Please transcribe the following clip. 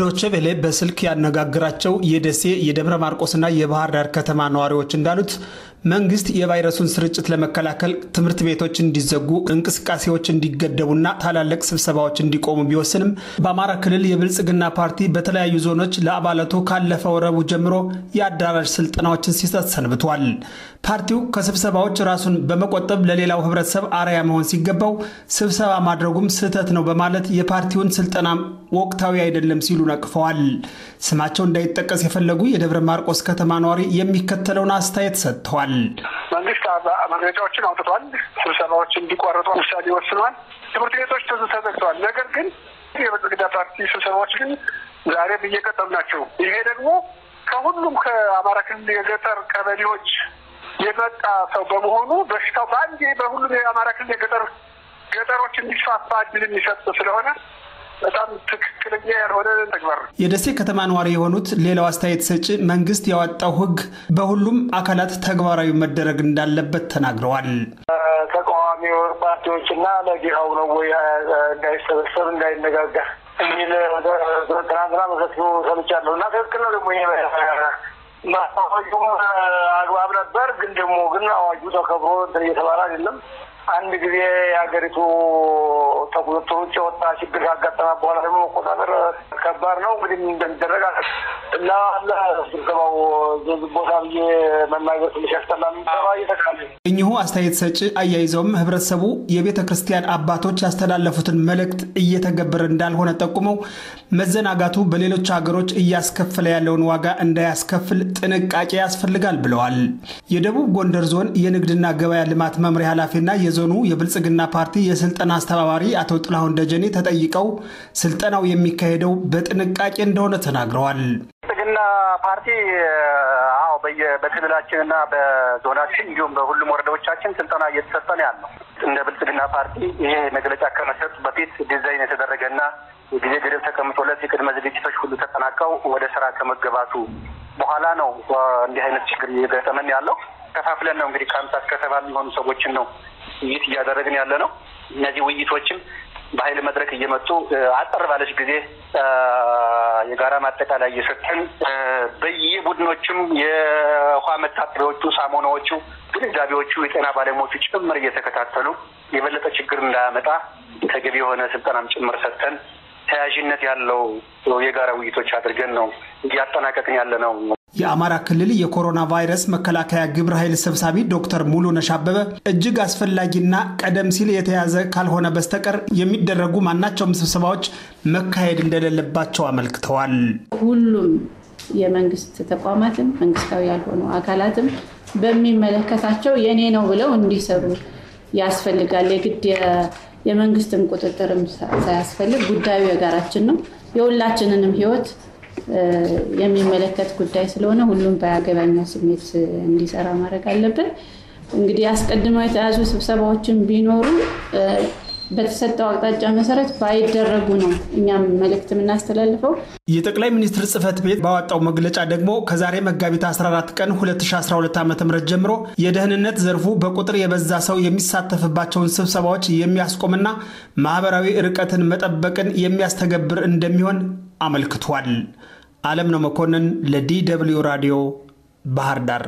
ዶቼ ቬሌ በስልክ ያነጋግራቸው የደሴ የደብረ ማርቆስና የባህር ዳር ከተማ ነዋሪዎች እንዳሉት መንግስት የቫይረሱን ስርጭት ለመከላከል ትምህርት ቤቶች እንዲዘጉ፣ እንቅስቃሴዎች እንዲገደቡና ታላላቅ ስብሰባዎች እንዲቆሙ ቢወስንም በአማራ ክልል የብልጽግና ፓርቲ በተለያዩ ዞኖች ለአባላቱ ካለፈው ረቡዕ ጀምሮ የአዳራሽ ስልጠናዎችን ሲሰጥ ሰንብቷል። ፓርቲው ከስብሰባዎች ራሱን በመቆጠብ ለሌላው ህብረተሰብ አርያ መሆን ሲገባው ስብሰባ ማድረጉም ስህተት ነው በማለት የፓርቲውን ስልጠና ወቅታዊ አይደለም ሲሉ ሲሉ ነቅፈዋል። ስማቸው እንዳይጠቀስ የፈለጉ የደብረ ማርቆስ ከተማ ነዋሪ የሚከተለውን አስተያየት ሰጥተዋል። መንግስት መግለጫዎችን አውጥቷል። ስብሰባዎች እንዲቋረጡ ውሳኔ ወስኗል። ትምህርት ቤቶች ተዘግተዋል። ነገር ግን የብልጽግና ፓርቲ ስብሰባዎች ግን ዛሬም እየቀጠሉ ናቸው። ይሄ ደግሞ ከሁሉም ከአማራ ክልል የገጠር ቀበሌዎች የመጣ ሰው በመሆኑ በሽታው በአንዴ በሁሉም የአማራ ክልል የገጠር ገጠሮች እንዲስፋፋ እድል የሚሰጥ ስለሆነ በጣም ትክክለኛ ያልሆነ ተግባር ነው። የደሴ ከተማ ነዋሪ የሆኑት ሌላው አስተያየት ሰጪ መንግስት ያወጣው ህግ በሁሉም አካላት ተግባራዊ መደረግ እንዳለበት ተናግረዋል። ተቃዋሚ ፓርቲዎችና ለዲሃው ነው ወይ እንዳይሰበሰብ እንዳይነጋገር የሚል ትናንትና መሰት ሰምቻለሁ እና ትክክል ነው ደግሞ ማስታወቂያውም አግባብ ነበር። ግን ደግሞ ግን አዋጁ ተከብሮ እንትን እየተባለ አይደለም። አንድ ጊዜ የሀገሪቱ ተጉቶ ችግር ካጋጠመ በኋላ ደግሞ መቆጣጠር ከባድ ነው። እንግዲህ እንደሚደረግ እና ስብሰባው ቦታ ብዬ መናገር ትንሽ ያስጠላል። ሰባ እየተካለ እኚሁ አስተያየት ሰጪ አያይዘውም ህብረተሰቡ የቤተ ክርስቲያን አባቶች ያስተላለፉትን መልእክት እየተገበረ እንዳልሆነ ጠቁመው መዘናጋቱ በሌሎች ሀገሮች እያስከፈለ ያለውን ዋጋ እንዳያስከፍል ጥንቃቄ ያስፈልጋል ብለዋል። የደቡብ ጎንደር ዞን የንግድና ገበያ ልማት መምሪያ ኃላፊና የዞኑ የብልጽግና ፓርቲ የስልጠና አስተባባሪ አቶ ጥላሁን ደጀኔ ተጠይቀው ስልጠናው የሚካሄደው በጥንቃቄ እንደሆነ ተናግረዋል። ብልጽግና ፓርቲ አዎ በክልላችንና በዞናችን እንዲሁም በሁሉም ወረዳዎቻችን ስልጠና እየተሰጠን ያለው እንደ ብልጽግና ፓርቲ ይሄ መግለጫ ከመሰጡ በፊት ዲዛይን የተደረገና የጊዜ ገደብ ተቀምጦለት የቅድመ ዝግጅቶች ሁሉ ተጠናቀው ወደ ስራ ከመገባቱ በኋላ ነው እንዲህ አይነት ችግር እየገጠመን ያለው። ከፋፍለን ነው እንግዲህ ከአምሳ እስከ ሰባ የሚሆኑ ሰዎችን ነው ውይይት እያደረግን ያለ ነው። እነዚህ ውይይቶችም በኃይል መድረክ እየመጡ አጠር ባለች ጊዜ የጋራ ማጠቃላይ እየሰጠን በየቡድኖችም የውሃ መታጠቢያዎቹ፣ ሳሙናዎቹ፣ ግንዛቤዎቹ የጤና ባለሙያዎቹ ጭምር እየተከታተሉ የበለጠ ችግር እንዳያመጣ ተገቢ የሆነ ስልጠናም ጭምር ሰጥተን ተያዥነት ያለው የጋራ ውይይቶች አድርገን ነው እያጠናቀቅን ያለ ነው። የአማራ ክልል የኮሮና ቫይረስ መከላከያ ግብረ ኃይል ሰብሳቢ ዶክተር ሙሉ አበበ እጅግ አስፈላጊና ቀደም ሲል የተያዘ ካልሆነ በስተቀር የሚደረጉ ማናቸውም ስብሰባዎች መካሄድ እንደሌለባቸው አመልክተዋል። ሁሉም የመንግስት ተቋማትም መንግስታዊ ያልሆኑ አካላትም በሚመለከታቸው የእኔ ነው ብለው እንዲሰሩ ያስፈልጋል። የግድ የመንግስትም ቁጥጥርም ሳያስፈልግ ጉዳዩ የጋራችን ነው። የሁላችንንም ህይወት የሚመለከት ጉዳይ ስለሆነ ሁሉም በአገባኛው ስሜት እንዲሰራ ማድረግ አለብን። እንግዲህ አስቀድመው የተያዙ ስብሰባዎችን ቢኖሩ በተሰጠው አቅጣጫ መሰረት ባይደረጉ ነው እኛም መልእክት የምናስተላልፈው። የጠቅላይ ሚኒስትር ጽህፈት ቤት ባወጣው መግለጫ ደግሞ ከዛሬ መጋቢት 14 ቀን 2012 ዓ ም ጀምሮ የደህንነት ዘርፉ በቁጥር የበዛ ሰው የሚሳተፍባቸውን ስብሰባዎች የሚያስቆምና ማህበራዊ ርቀትን መጠበቅን የሚያስተገብር እንደሚሆን አመልክቷል። አለም ነው መኮንን ለዲ ደብልዩ ራዲዮ ባህር ዳር